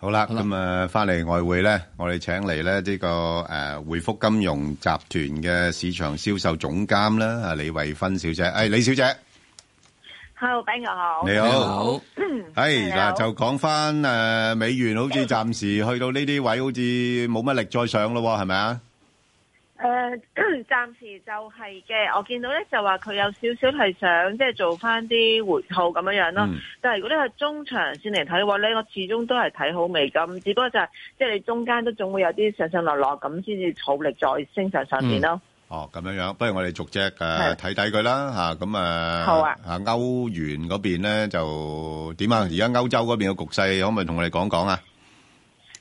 好啦，咁啊，翻嚟外匯咧，我哋請嚟咧呢個誒匯福金融集團嘅市場銷售總監啦，啊李慧芬小姐，誒李小姐，hello，朋友好，你好，好，係嗱就講翻誒美元，好似暫時去到呢啲位，好似冇乜力再上咯，係咪啊？誒、呃，暫時就係嘅。我見到咧就話佢有少少係想即係做翻啲回吐咁樣樣咯。嗯、但係如果你係中長線嚟睇嘅話咧，我始終都係睇好美金，只不過就係、是、即係你中間都總會有啲上上落落咁，先至儲力在升上上面咯。嗯、哦，咁樣樣，不如我哋逐隻誒睇睇佢啦吓。咁、呃、是啊，好啊。啊，歐元嗰邊咧就點啊？而家歐洲嗰邊嘅局勢可唔可以同我哋講一講啊？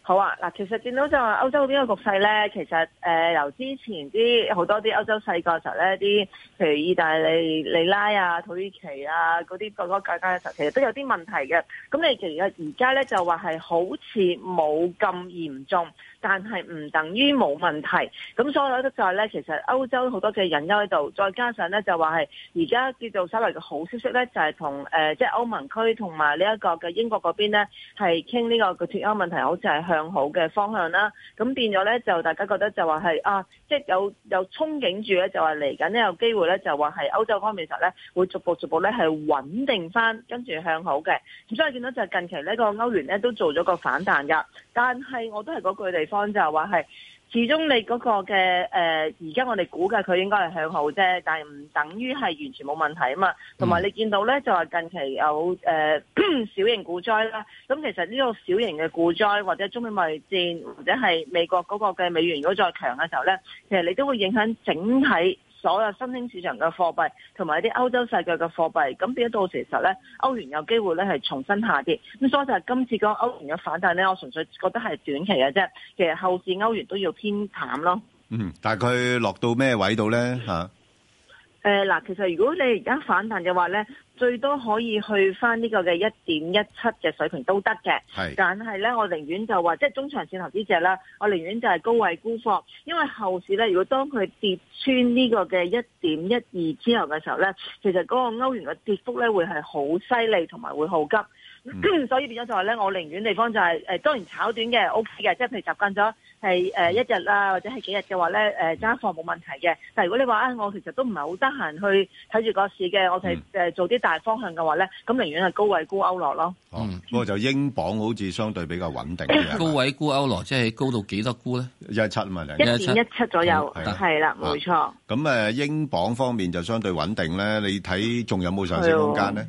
好啊，嗱，其實見到就話歐洲嗰邊嘅局勢咧，其實誒由之前啲好多啲歐洲細個時候咧，啲譬如意大利、利拉啊、土耳其啊嗰啲各個國家嘅時候，其實都有啲問題嘅。咁你其實而家咧就話係好似冇咁嚴重。但係唔等於冇問題，咁所以咧就係咧，其實歐洲好多嘅隱憂喺度，再加上咧就話係而家叫做稍微嘅好消息咧，就係同誒即係歐盟區同埋呢一個嘅英國嗰邊咧，係傾呢個嘅脫歐問題，好似係向好嘅方向啦。咁變咗咧就大家覺得就話係啊，即係有有憧憬住咧，就話嚟緊呢有機會咧就話係歐洲方面實咧會逐步逐步咧係穩定翻，跟住向好嘅。咁所以見到就近期呢個歐元咧都做咗個反彈噶，但係我都係嗰句嚟。方就係話係，始終你嗰個嘅誒，而家我哋估計佢應該係向好啫，但係唔等於係完全冇問題啊嘛。同埋你見到咧，就係近期有誒小型股災啦。咁其實呢個小型嘅股災，或者中美貿易戰，或者係美國嗰個嘅美元如果再強嘅時候咧，其實你都會影響整體。所有新興市場嘅貨幣同埋一啲歐洲世界嘅貨幣，咁變咗到其實咧，歐元有機會咧係重新下跌。咁所以就今次講歐元嘅反彈咧，我純粹覺得係短期嘅啫。其實後市歐元都要偏淡咯。嗯，大概落到咩位度咧？吓、啊？誒，嗱、呃，其實如果你而家反彈嘅話咧，最多可以去返呢個嘅一點一七嘅水平都得嘅。係是，但係咧，我寧願就話，即係中長線投資者啦，我寧願就係高位沽貨，因為後市咧，如果當佢跌穿呢個嘅一點一二之後嘅時候咧，其實嗰個歐元嘅跌幅咧會係好犀利同埋會好急，嗯、 所以變咗就係、是、咧，我寧願地方就係、是，誒、呃、當然炒短嘅 O K 嘅，即係譬如習慣咗。係誒一日啦，或者係幾日嘅話咧，誒揸貨冇問題嘅。但係如果你話啊，我其實都唔係好得閒去睇住個市嘅，我哋誒做啲大方向嘅話咧，咁寧願係高位沽歐羅咯。嗯，不過就英鎊好似相對比較穩定。高位沽歐羅，即係高到幾多沽咧？一七萬零一點一七左右，係啦，冇錯。咁誒，英鎊方面就相對穩定咧。你睇仲有冇上升空間咧？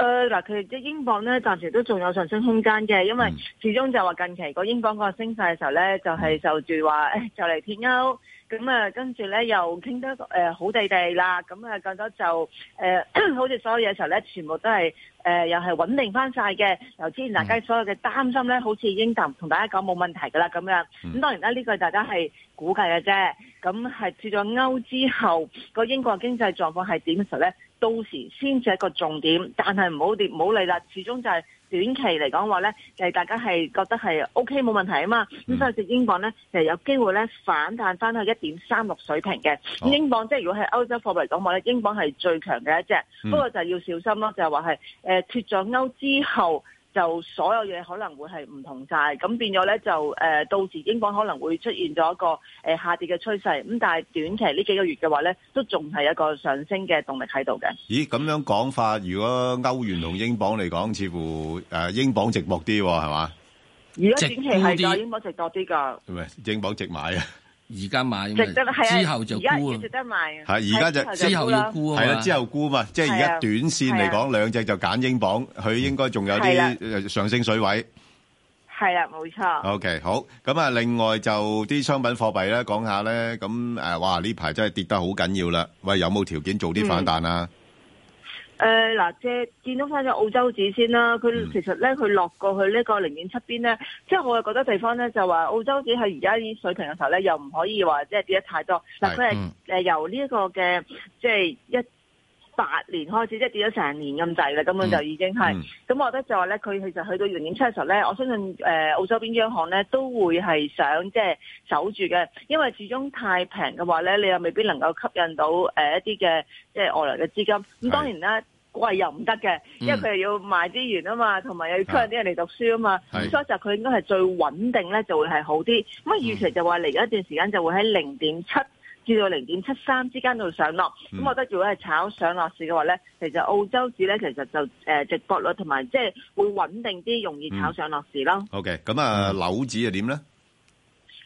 誒嗱，佢即、呃、英鎊咧，暫時都仲有上升空間嘅，因為始終就話近期個英鎊個升勢嘅時候咧，就係、是欸、就住話誒就嚟脱歐，咁、嗯、啊跟住咧又傾得誒、呃、好地地啦，咁、嗯、啊更得覺得就誒、呃、好似所有嘢時候咧，全部都係誒、呃、又係穩定翻晒嘅，由之前大家所有嘅擔心咧，好似已經同大家講冇問題㗎啦，咁樣。咁、嗯、當然啦，呢、這個大家係估計嘅啫。咁係脱咗歐之後，個英國經濟狀況係點嘅時候咧？到時先至係一個重點，但係唔好跌唔好理啦。始終就係短期嚟講話咧，就係大家係覺得係 OK 冇問題啊嘛。咁、嗯、所以隻英鎊咧，就係有機會咧反彈翻去一點三六水平嘅。咁、哦、英鎊即係如果係歐洲貨幣嚟講話咧，英鎊係最強嘅一隻，嗯、不過就要小心咯，就係話係誒脱咗歐之後。就所有嘢可能會係唔同晒。咁變咗咧就誒、呃，到時英鎊可能會出現咗一個誒、呃、下跌嘅趨勢，咁但係短期呢幾個月嘅話咧，都仲係一個上升嘅動力喺度嘅。咦，咁樣講法，如果歐元同英鎊嚟講，似乎誒、呃、英鎊值搏啲喎，係嘛？如果短期係㗎，英鎊值多啲㗎。唔係，英鎊值買啊！而家買，之後就沽啊！係而家就之後要沽，係啦，之後沽嘛，即係而家短線嚟講，兩隻就揀英鎊，佢應該仲有啲上升水位。係啦，冇錯。OK，好咁啊！另外就啲商品貨幣呢講下呢，咁誒，哇！呢排真係跌得好緊要啦，喂，有冇條件做啲反彈啊？誒嗱、呃，即係見到翻咗澳洲紙先啦，佢其實咧，佢落過去個零呢個寧願出邊咧，即係我係覺得地方咧，就話澳洲紙喺而家呢水平嘅時候咧，又唔可以話即係跌得太多。嗱是，佢係誒由呢一個嘅即係一八年開始即係跌咗成年咁滯啦，根本就已經係咁，嗯、我覺得就話咧，佢其實去到零點七嘅時候咧，我相信誒、呃、澳洲邊央行咧都會係想即係、就是、守住嘅，因為始終太平嘅話咧，你又未必能夠吸引到誒、呃、一啲嘅即係外來嘅資金。咁當然啦，的貴又唔得嘅，因為佢又要賣資源啊嘛，同埋又要吸引啲人嚟讀書啊嘛。的所以就佢應該係最穩定咧，就會係好啲。咁預期就話嚟咗一段時間就會喺零點七。至到零點七三之間度上落，咁我覺得如果係炒上落市嘅話咧，其實澳洲紙咧其實就誒、呃、值博率同埋即係會穩定啲，容易炒上落市咯。嗯、OK，咁、嗯、啊，紐紙又點咧？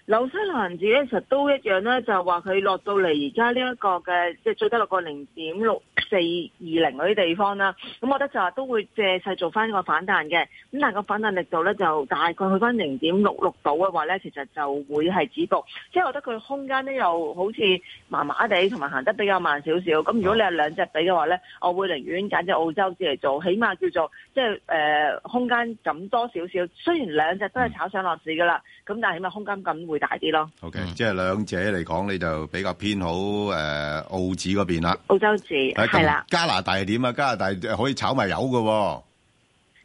紐西蘭紙咧，實都一樣咧，就話佢落到嚟而家呢一個嘅，即係最低落個零點六四二零嗰啲地方啦。咁我覺得就話都會借勢做翻一個反彈嘅。咁但係個反彈力度咧，就大概去翻零點六六度嘅話咧，其實就會係止步。即係我覺得佢空間呢又好似麻麻地，同埋行得比較慢少少。咁如果你係兩隻比嘅話咧，我會寧願揀隻澳洲紙嚟做，起碼叫做即係誒空間咁多少少。雖然兩隻都係炒上落市噶啦，咁但係起碼空間咁會大啲咯，OK、嗯、即係兩者嚟講，你就比較偏好，誒，澳紙嗰邊啦，澳洲紙係啦，加拿大係點啊？加拿大可以炒埋油噶。哦，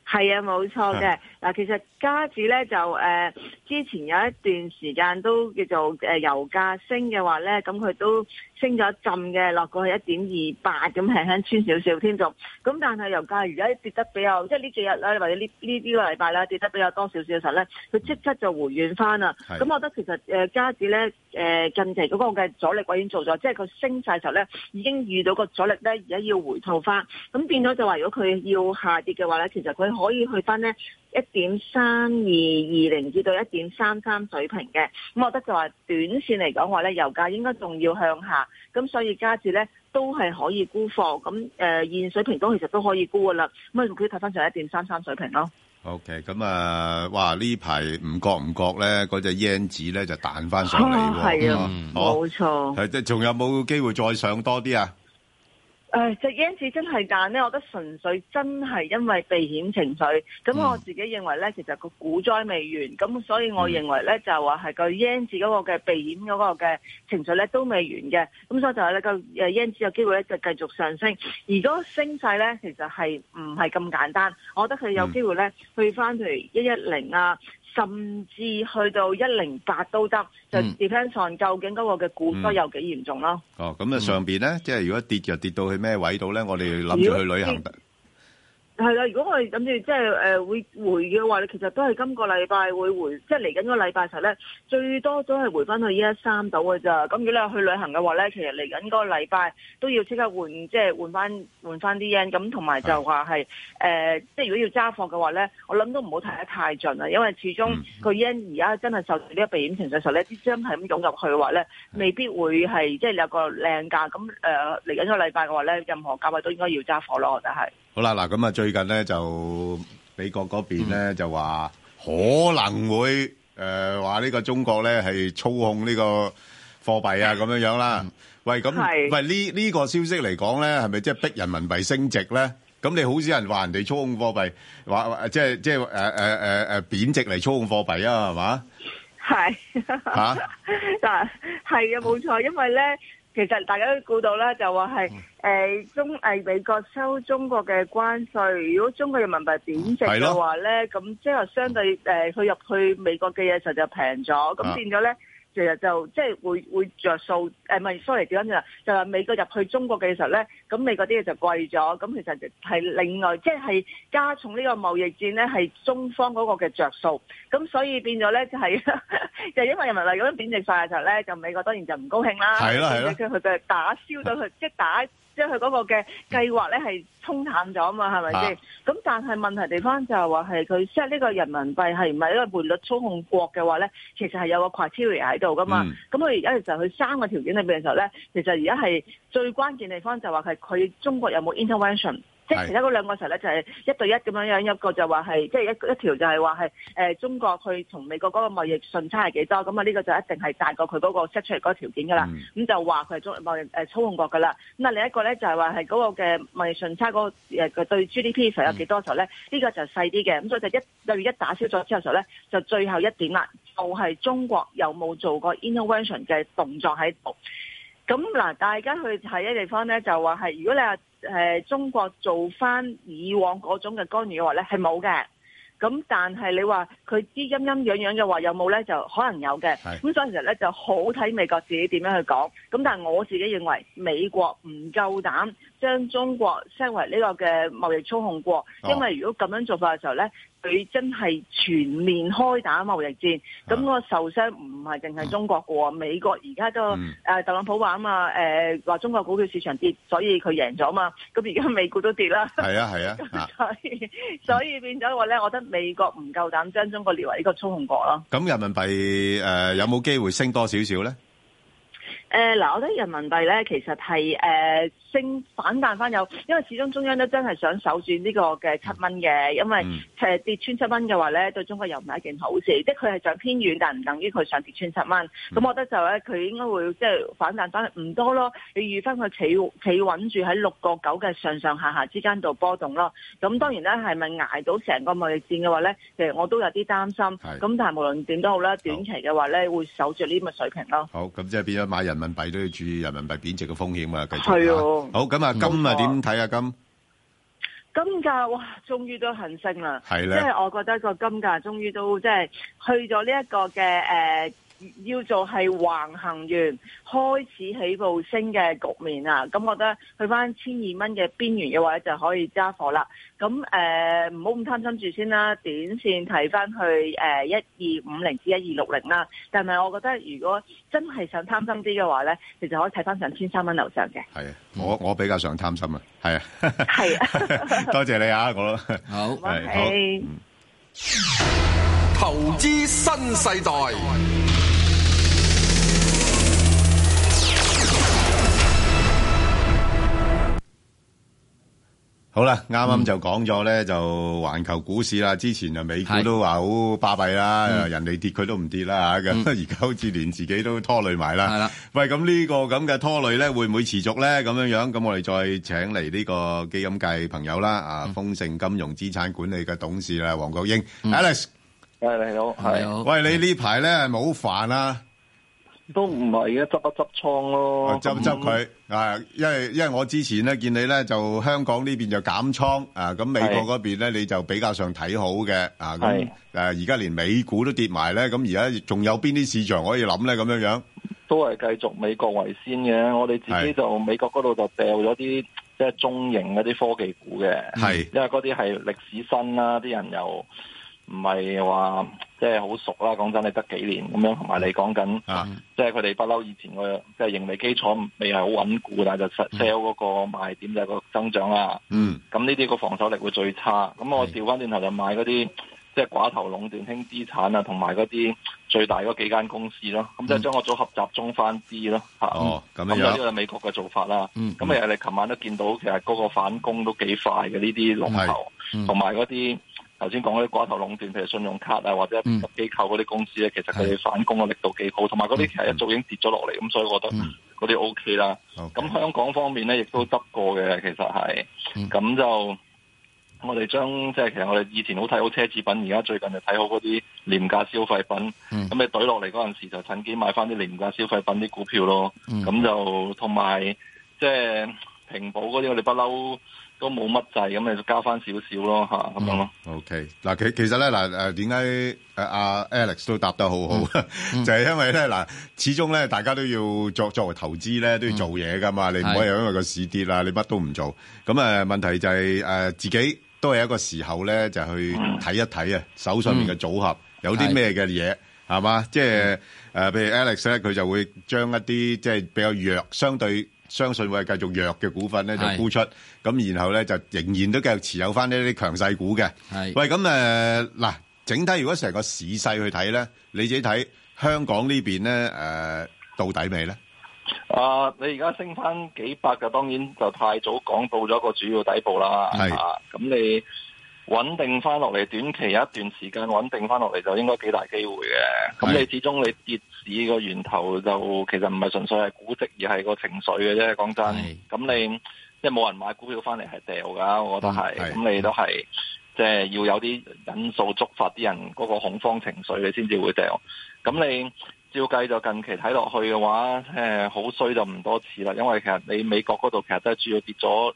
係啊，冇錯嘅。 嗱，其實加指咧就誒、呃，之前有一段時間都叫做誒、呃、油價升嘅話咧，咁佢都升咗一浸嘅，落過去28，輕輕一點二八咁輕輕穿少少添。咁但係油價而家跌得比較，即係呢幾日啦，或者呢呢幾個禮拜啦跌得比較多少少嘅時候咧，佢即刻就回軟翻啦。咁的、嗯、我覺得其實誒加指咧誒近期嗰個嘅阻力位已經做咗，即係佢升晒時候咧已經遇到個阻力咧，而家要回吐翻。咁變咗就話，如果佢要下跌嘅話咧，其實佢可以去翻咧。一點三二二零至到一點三三水平嘅，咁我覺得就話短線嚟講話咧，油價應該仲要向下，咁所以加住咧都係可以沽貨，咁誒、呃、現水平都其實都可以沽噶啦，咁啊同佢睇翻上一點三三水平咯。OK，咁、嗯，那個、啊，哇呢排唔覺唔覺咧，嗰隻煙紙咧就彈翻上嚟，冇錯。係，即係仲有冇機會再上多啲啊？誒，隻日圓真係但呢，我覺得純粹真係因為避險情緒。咁我自己認為呢，其實個股災未完，咁所以我認為呢，就話係個日圓嗰個嘅避險嗰個嘅情緒呢都未完嘅。咁所以就話呢個誒日圓有機會呢就繼續上升。而嗰個升勢呢，其實係唔係咁簡單，我覺得佢有機會呢，去返譬如一一零啊。甚至去到一零八都得，嗯、就 depends on 究竟嗰個嘅股災有幾嚴重咯？嗯、哦，咁啊上邊咧，嗯、即係如果跌就跌到去咩位度咧？我哋諗住去旅行。呃呃係啦，如果我哋諗住即係誒會回嘅話，你其實都係今個禮拜會回，即係嚟緊嗰個禮拜時候咧，最多都係回翻去依一三度嘅咋。咁、嗯、如果你去旅行嘅話咧，其實嚟緊嗰個禮拜都要即刻換，即係換翻換翻啲 yen。咁同埋就話係誒，即係如果要揸貨嘅話咧，我諗都唔好提得太盡啦，因為始終個 yen 而家真係受住呢個避險情緒時候咧，啲資金係咁湧入去嘅話咧，未必會係即係有個靚價。咁誒嚟緊嗰個禮拜嘅話咧，任何價位都應該要揸貨咯，就係。好啦，嗱咁啊，最近咧就美國嗰邊咧就話可能會誒話呢個中國咧係操控呢個貨幣啊咁樣樣啦。喂，咁喂呢呢個消息嚟講咧，係咪即係逼人民幣升值咧？咁你好少人話人哋操控貨幣，話即係即係誒誒誒誒貶值嚟操控貨幣啊，係嘛？係吓，但係，係啊，冇錯，因為咧。其實大家都估到啦，就話係誒中誒美國收中國嘅關稅，如果中國人民幣貶值嘅話咧，咁的即係相對誒佢入去美國嘅嘢時就平咗，咁變咗咧。啊其實就即係會會著數，誒唔係，sorry，點解先啊？就係美國入去中國嘅時候咧，咁美國啲嘢就貴咗，咁其實係另外即係、就是、加重呢個貿易戰咧，係中方嗰個嘅着數，咁所以變咗咧就係、是、 就因為人民幣咁樣貶值晒嘅時候咧，就美國當然就唔高興啦，係咯係咯，佢就打消咗佢， 即係打。即係佢嗰個嘅計劃咧，係沖淡咗啊嘛，係咪先？咁、啊、但係問題地方就係話係佢即係呢個人民幣係唔係一個匯率操控國嘅話咧，其實係有個 criteria 喺度噶嘛。咁佢而家其實佢三個條件裏邊嘅時候咧，其實而家係最關鍵地方就話係佢中國有冇 intervention。即係是其他嗰兩個時候咧，就係一對一咁樣樣，一個就話係即係一一條就係話係誒中國佢同美國嗰個貿易順差係幾多，咁啊呢個就一定係大過佢嗰、那個 set 出嚟嗰個條件㗎啦。咁、嗯、就話佢係中貿易誒、呃、操控國㗎啦。咁啊另一個咧就係話係嗰個嘅貿易順差嗰個誒對 GDP 上有幾多時候咧，呢、嗯、個就細啲嘅。咁所以就一對一打消咗之後時候咧，就最後一點啦，就係、是、中國有冇做過 intervention 嘅動作喺度。咁嗱、嗯，大家去睇一地方咧，就話係如果你話誒、呃、中國做返以往嗰種嘅干預嘅話咧，係冇嘅。咁、嗯、但係你音音樣樣話佢之陰陰陽陽嘅話，有冇咧？就可能有嘅。咁是所以其實咧就好睇美國自己點樣去講。咁、嗯、但係我自己認為美國唔夠膽。將中國升為呢個嘅貿易操控國，因為如果咁樣做法嘅時候咧，佢真係全面開打貿易戰，咁個受傷唔係淨係中國嘅喎，美國而家都誒、嗯啊、特朗普話啊嘛，誒、呃、話中國股票市場跌，所以佢贏咗啊嘛，咁而家美股都跌啦，係啊係啊，啊 所，所以變咗話咧，我覺得美國唔夠膽將中國列為呢個操控國咯。咁人民幣誒、呃、有冇機會升多少少咧？誒，嗱，我覺得人民幣咧，其實係誒升反彈翻有，因為始終中央都真係想守住呢個嘅七蚊嘅，因為誒跌穿七蚊嘅話咧，對中國又唔係一件好事，即係佢係想偏遠，但唔等於佢上跌穿七蚊。咁我覺得就咧，佢應該會即係反彈翻唔多咯，你預翻佢企企穩住喺六個九嘅上上下下之間度波動咯。咁當然咧，係咪挨到成個貿易戰嘅話咧，其實我都有啲擔心。咁但係無論點都好啦，短期嘅話咧，會守住呢個水平咯。好，咁即係變咗買人。人民幣都要注意人民幣貶值嘅風險啊，繼續，係啊。好，咁啊金啊點睇啊金？金價哇，終於都恒升啦！係啦，即係我覺得個金價終於都即係去咗呢一個嘅誒。要做係橫行完開始起步升嘅局面啦，咁、啊、我覺得去翻千二蚊嘅邊緣嘅話，就可以揸貨啦。咁、啊、誒，唔好咁貪心住先啦，短線睇翻去誒一二五零至一二六零啦。但係我覺得如果真係想貪心啲嘅話咧，其實 可以睇翻上千三蚊樓上嘅。係啊，我我比較想貪心啊，係是啊，係啊，多謝你啊，我好，投資新世代。好啦，啱啱就講咗咧，就環球股市啦。之前就美股都話好巴閉啦，人哋跌佢都唔跌啦吓嘅。而家好似連自己都拖累埋啦。係啦，喂，咁呢個咁嘅拖累咧，會唔會持續咧？咁樣樣，咁我哋再請嚟呢個基金界朋友啦，啊，豐盛金融資產管理嘅董事啦，黃國英，Alex，誒，你好，係你好。喂，你呢排咧冇煩啦？都唔係嘅，執一執倉咯，執執佢啊！因為因為我之前咧見你咧，就香港呢邊就減倉啊，咁美國嗰邊咧是你就比較上睇好嘅啊，係，誒而家連美股都跌埋咧，咁而家仲有邊啲市場可以諗咧咁樣樣？都係繼續美國為先嘅，我哋自己就是美國嗰度就掉咗啲即係中型嗰啲科技股嘅，係是因為嗰啲係歷史新啦，啲人又。唔係話即係好熟啦，講真你得幾年咁樣，同埋你講緊，即係佢哋不嬲以前個即係盈利基礎未係好穩固，但係就 sell 嗰個賣點就係個增長啦。嗯，咁呢啲個防守力會最差。咁我調翻轉頭就買嗰啲即係寡頭壟斷輕資產啊，同埋嗰啲最大嗰幾間公司咯。咁即係將個組合集中翻啲咯。嚇哦，咁樣啊！咁就呢個係美國嘅做法啦。嗯，咁啊，你琴晚都見到其實嗰個反攻都幾快嘅呢啲龍頭，同埋嗰啲。先講嗰啲寡頭壟斷，譬如信用卡啊，或者係機構嗰啲公司咧，嗯、其實佢反攻嘅力度幾好，同埋嗰啲其實一早已經跌咗落嚟，咁所以我覺得嗰啲 O K 啦。咁、嗯、香港方面咧，亦都得過嘅，其實係咁、嗯、就我哋將即係其實我哋以前好睇好奢侈品，而家最近就睇好嗰啲廉價消費品。咁、嗯、你懟落嚟嗰陣時，就趁機買翻啲廉價消費品啲股票咯。咁、嗯、就同埋即係平保嗰啲，我哋不嬲。都冇乜滯，咁你就加翻少少咯嚇，咁、嗯、樣咯。OK，嗱其其實咧，嗱誒點解阿 Alex 都答得好好，嗯、 就係因為咧嗱，始終咧大家都要作作為投資咧都要做嘢噶嘛，你唔可以因為個市跌啦，你乜都唔做。咁誒問題就係、是、誒、呃、自己都係一個時候咧，就是、去睇一睇啊，手上面嘅組合、嗯、有啲咩嘅嘢係嘛，即係誒譬如 Alex 咧，佢就會將一啲即係比較弱、相對。相信會係繼續弱嘅股份咧就沽出，咁然後咧就仍然都繼續持有翻呢啲強勢股嘅。係喂，咁誒嗱，整體如果成個市勢去睇咧，你自己睇香港呢邊咧誒到底未咧？啊，你而家升翻幾百嘅，當然就太早講到咗個主要底部啦。係啊，咁你。穩定翻落嚟，短期有一段時間穩定翻落嚟就應該幾大機會嘅。咁是你始終你跌市個源頭就其實唔係純粹係估值，而係個情緒嘅啫。講真，咁是你即係冇人買股票翻嚟係掉噶，我覺得係。咁、嗯、你都係即係要有啲引數觸發啲人嗰個恐慌情緒你先至會掉。咁你照計就近期睇落去嘅話，誒好衰就唔多次啦。因為其實你美國嗰度其實都係主要跌咗。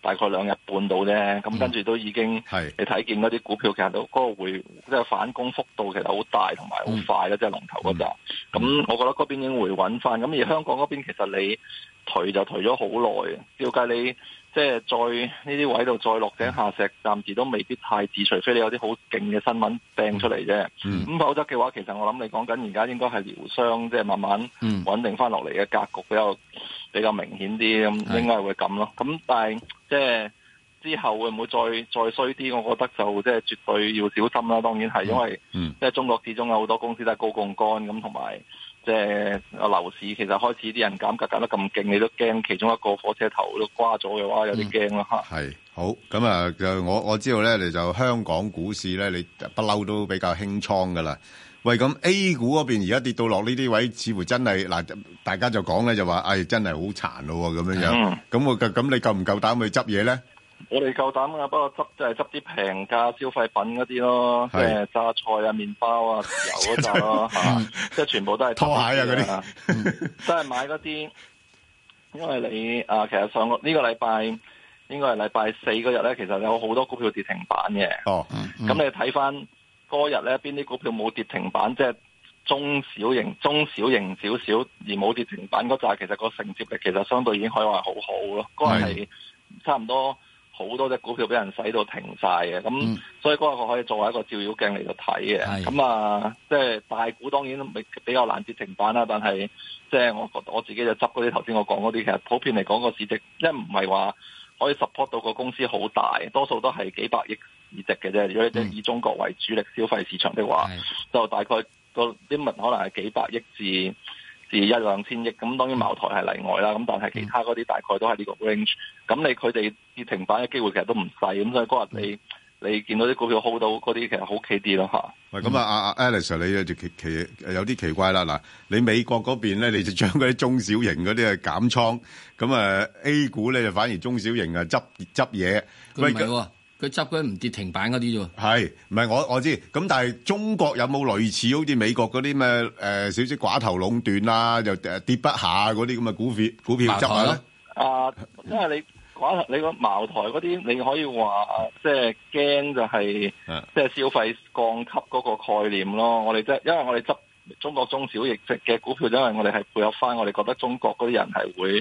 大概兩日半到啫，咁跟住都已經，你睇見嗰啲股票、嗯、其實都嗰個回即係是反攻幅度其實好大，同埋好快咧，嗯、即係龍頭嗰度。咁、嗯、我覺得嗰邊已經回穩翻。咁而香港嗰邊其實你頹就頹咗好耐，要計你。即係再呢啲位度再落井下石，暫時都未必太止，除非你有啲好勁嘅新聞掟出嚟啫。咁、嗯、否則嘅話，其實我諗你講緊而家應該係療傷，即係慢慢穩定翻落嚟嘅格局比較比較明顯啲，咁、嗯嗯、應該會咁咯。咁、嗯嗯、但係即係之後會唔會再再衰啲？我覺得就即係絕對要小心啦。當然係，因為、嗯嗯、即係中國始終有好多公司都係高槓桿咁，同、嗯、埋。即係樓市其實開始啲人減價減得咁勁，你都驚其中一個火車頭都瓜咗嘅話，有啲驚咯嚇。係好咁啊！就我我知道咧，你就香港股市咧，你不嬲都比較輕倉㗎喇。喂，咁 A 股嗰邊而家跌到落呢啲位，似乎真係嗱，大家就講咧就話，唉，真係好殘咯咁樣樣。咁我咁你夠唔夠膽去執嘢咧？我哋夠膽噶，不過執就係執啲平價消費品嗰啲咯，即係榨菜啊、麵包啊、油嗰扎咯，吓，即係全部都係拖鞋啊嗰啲，都係買嗰啲。因為你啊，其實上個呢個禮拜，應該係禮拜四嗰日咧，其實有好多股票跌停板嘅。哦，咁你睇翻，嗰日咧，邊啲股票冇跌停板，即係中小型、中小型少少而冇跌停板嗰扎，其實個承接力其實相對已經可以話好好咯。嗰日係差唔多。好多隻股票俾人洗到停晒嘅，咁、嗯、所以嗰日我可以作為一個照妖鏡嚟到睇嘅。咁是啊，即係大股當然比較難跌停板啦，但係即係我覺得我自己就執嗰啲頭先我講嗰啲，其實普遍嚟講、個市值，即係唔係話可以 support 到個公司好大，多數都係幾百億市值嘅啫。如果你、嗯、以中國為主力消費市場的話，是就大概個啲文可能係幾百億至至一兩千億。咁當然茅台係例外啦，咁、嗯嗯、但係其他嗰啲大概都係呢個 range。咁你佢哋。跌停板嘅機會其實都唔細，咁所以嗰日你你見到啲股票好到嗰啲，其實好企啲咯嚇。喂，咁啊，阿 Alex，你有啲奇有啲奇怪啦。嗱，你美國嗰邊咧，你就將嗰啲中小型嗰啲啊減倉，咁啊 A 股咧就反而中小型啊執執嘢。唔係喎，佢執嗰啲唔跌停板嗰啲啫喎。係，唔係我我知。咁但係中國有冇類似好似美國嗰啲咩誒少少寡頭壟斷啊，又跌不下嗰啲咁嘅股票股票執下咧？啊，因為你。你個茅台嗰啲，你可以話即係驚就係即係消費降級嗰個概念咯。我哋即係因為我哋執中國中小市值嘅股票，因為我哋係配合翻我哋覺得中國嗰啲人係會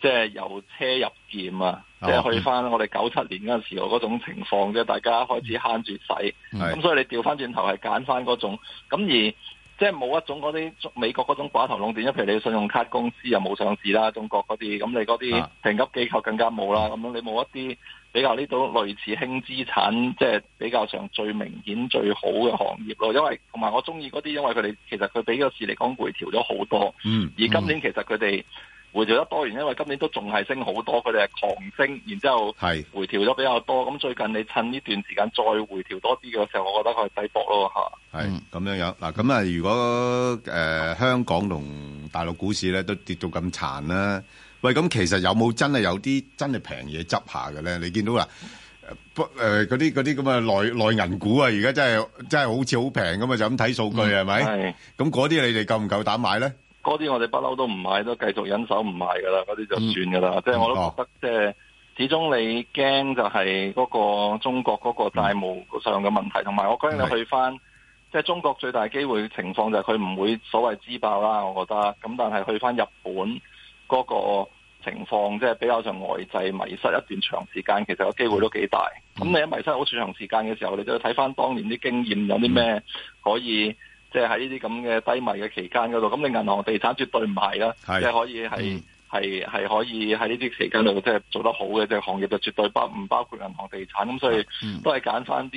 即係是由奢入儉啊，即係是去翻我哋九七年嗰陣時嗰嗰種情況啫。大家開始慳住使，咁是所以你調翻轉頭係揀翻嗰種咁而。即係冇一種嗰啲美國嗰種寡頭壟斷，一譬如你信用卡公司又冇上市啦，中國嗰啲咁你嗰啲評級機構更加冇啦，咁樣你冇一啲比較呢度類似輕資產，即係比較上最明顯最好嘅行業咯。因為同埋我中意嗰啲，因為佢哋其實佢畀個市嚟講回調咗好多，嗯嗯、而今年其實佢哋。回調得多元，因為今年都仲係升好多，佢哋係狂升，然之後回調咗比較多。咁最近你趁呢段時間再回調多啲嘅時候，我覺得佢係低博咯嚇。係咁樣樣嗱，咁啊，如果誒香港同大陸股市咧都跌到咁殘啦，喂，咁其實有冇真係有啲真係平嘢執下嘅咧？你見到啦，不誒嗰啲嗰啲咁嘅內內銀股啊，而家真係真係好似好平咁啊，就咁睇數據係咪？咁嗰啲你哋夠唔夠膽買咧？嗰啲我哋不嬲都唔買都繼續忍手唔買噶啦，嗰啲就算噶啦。即係、嗯、我都覺得，即係、啊、始終你驚就係嗰個中國嗰個債務上嘅問題同埋、嗯、我驚你去翻即係中國最大機會情況就係佢唔會所謂自爆啦。我覺得咁，但係去翻日本嗰個情況即係比較上外滯迷失一段長時間，其實個機會都幾大。咁、嗯、你一迷失好長時間嘅時候，你就要睇翻當年啲經驗有啲咩可以。即係喺呢啲咁嘅低迷嘅期間嗰度，咁你銀行地產絕對唔係啦，即係係可以係係係可以喺呢啲期間度即係做得好嘅，即、就、係、係、行業就絕對不唔包，包括銀行地產咁，所以都係揀翻啲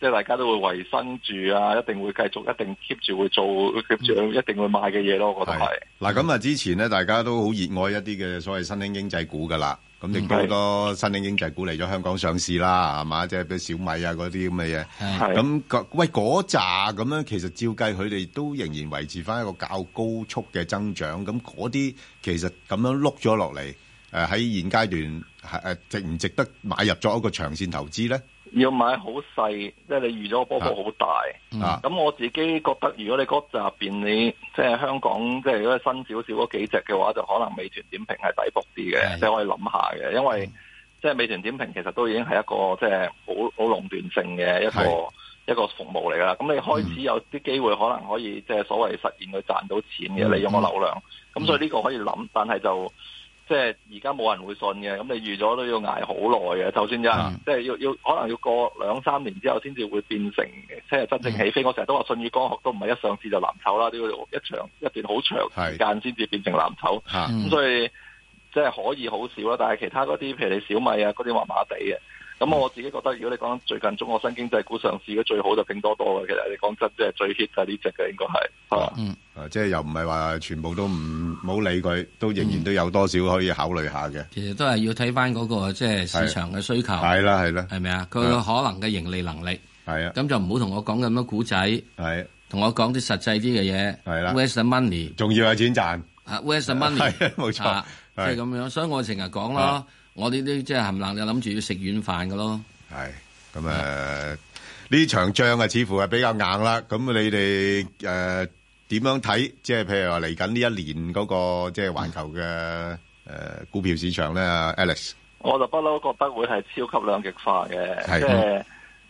即係大家都會維生住啊，一定會繼續一定 keep 住會做 keep 住一定會賣嘅嘢咯，我覺得係。嗱咁啊，之前咧大家都好熱愛一啲嘅所謂新興經濟股噶啦。咁亦都好多新興經濟股嚟咗香港上市啦，係嘛？即係譬如小米啊嗰啲咁嘅嘢。咁是喂嗰扎咁樣，其實照計佢哋都仍然維持返一個較高速嘅增長。咁嗰啲其實咁樣碌咗落嚟，誒、呃、喺現階段係誒、呃、值唔值得買入作一個長線投資咧？要買好細，即係你預咗波波好大。咁、嗯啊、我自己覺得，如果你嗰集入邊你即係香港，即係如果新少少嗰幾隻嘅話，就可能美團點評係抵搏啲嘅，即係是的 可以諗下嘅。因為是的 即係美團點評其實都已經係一個即係好好壟斷性嘅一個是的 一個服務嚟㗎啦。咁你開始有啲機會可能可以、嗯、即係所謂實現去賺到錢嘅，你、嗯、用個流量。咁、嗯嗯、所以呢個可以諗，但係就。即係而家冇人會信嘅，咁你預咗都要挨好耐嘅。就算有，嗯、即係要要，可能要過兩三年之後，先至會變成即係真正起飛。嗯、我成日都話，舜宇光學都唔係一上市就藍籌啦，都要一長一段好長時間先至變成藍籌。咁、嗯、所以即係可以好少啦，但係其他嗰啲，譬如你小米啊，嗰啲麻麻地嘅。咁我自己覺得，如果你講最近中國新經濟股上市，嘅最好就拼多多嘅，其實你講真即係最 hit 啊呢隻嘅應該係嗯，哦、嗯即係又唔係話全部都唔好理佢，都仍然都有多少可以考慮下嘅、嗯。其實都係要睇翻嗰個即係市場嘅需求。係啦係啦，係咪啊？佢可能嘅盈利能力係啊，咁就唔好同我講咁多故仔，係同我講啲實際啲嘅嘢。係啦，Where's the money？仲要有錢賺啊？Where's the money？冇錯，即係咁樣，所以我成日講咯。我呢啲即係冚冷，就諗住要食軟飯嘅咯。係咁誒，呢場仗啊，似乎係比較硬啦。咁你哋誒點樣睇？即係譬如話嚟緊呢一年嗰個即係環球嘅誒股票市場咧，Alex，我就不嬲覺得會係超級兩極化嘅。即係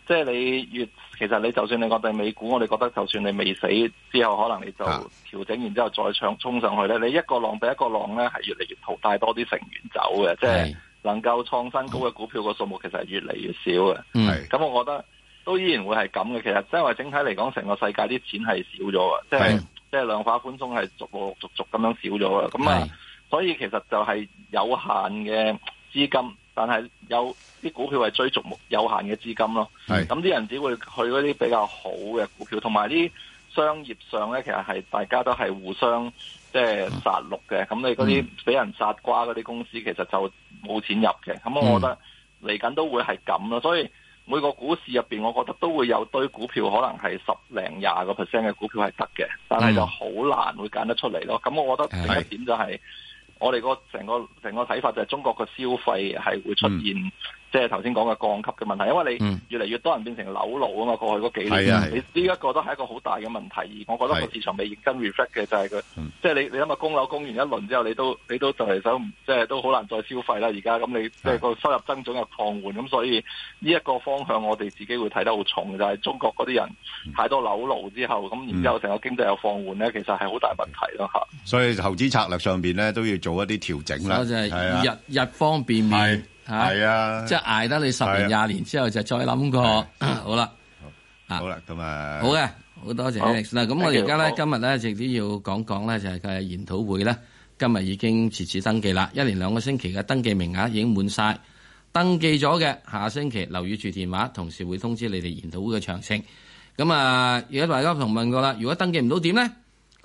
即係你越其實你就算你講定美股，我哋覺得就算你未死之後，可能你就調整，然之後再上衝上去咧。你一個浪比一個浪咧，係越嚟越淘汰，帶多啲成員走嘅，即係。能夠創新高嘅股票個數目其實係越嚟越少嘅，係咁是我覺得都依然會係咁嘅。其實即係話整體嚟講，成個世界啲錢係少咗嘅，就是、是即係即係量化寬鬆係逐步逐逐咁樣少咗嘅。咁啊，是所以其實就係有限嘅資金，但係有啲股票係追逐有限嘅資金咯。係咁啲人只會去嗰啲比較好嘅股票，同埋啲。商業上咧，其實係大家都係互相即係、就是、殺戮嘅，咁你嗰啲俾人殺瓜嗰啲公司，嗯、其實就冇錢入嘅，咁我覺得嚟緊都會係咁咯。所以每個股市入邊，我覺得都會有堆股票，可能係十零廿個 percent 嘅股票係得嘅，但係就好難會揀得出嚟咯。咁我覺得另一點就係、是嗯、我哋個成個成個睇法就係中國個消費係會出現。嗯即係頭先講嘅降級嘅問題，因為你越嚟越多人變成樓奴啊嘛，過去嗰幾年，你呢、啊啊啊、一個都係一個好大嘅問題。而我覺得個市場未認真 reflect 嘅就係佢，即係你你諗下供樓供完一輪之後，你都你都就嚟想，即係都好難再消費啦。而家咁你即係、啊、個收入增長又放緩，咁所以呢一個方向，我哋自己會睇得好重嘅就係、是、中國嗰啲人太多樓奴之後，咁然之後成個經濟又放緩咧，其實係好大問題咯嚇、嗯嗯嗯。所以投資策略上邊咧都要做一啲調整啦。就係日日方便麵。係啊，啊即係捱得你十年、廿年之後就再諗過，好啦，好啦，咁啊， 好嘅了，好多謝。咁、啊、的我而家咧，今日咧，直接要講講咧，就係個研討會咧，今日已經截止登記啦，一年兩個星期嘅登記名額已經滿晒，登記咗嘅下星期留意住電話，同時會通知你哋研討會嘅詳情。咁啊，如果大家同問過啦，如果登記唔到點呢？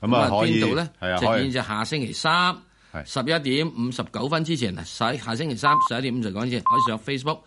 咁啊，可以，係啊，可以，就下星期三。十一是點五十九分之前，喺下星期三，十一點五十九分之前可以上 Facebook。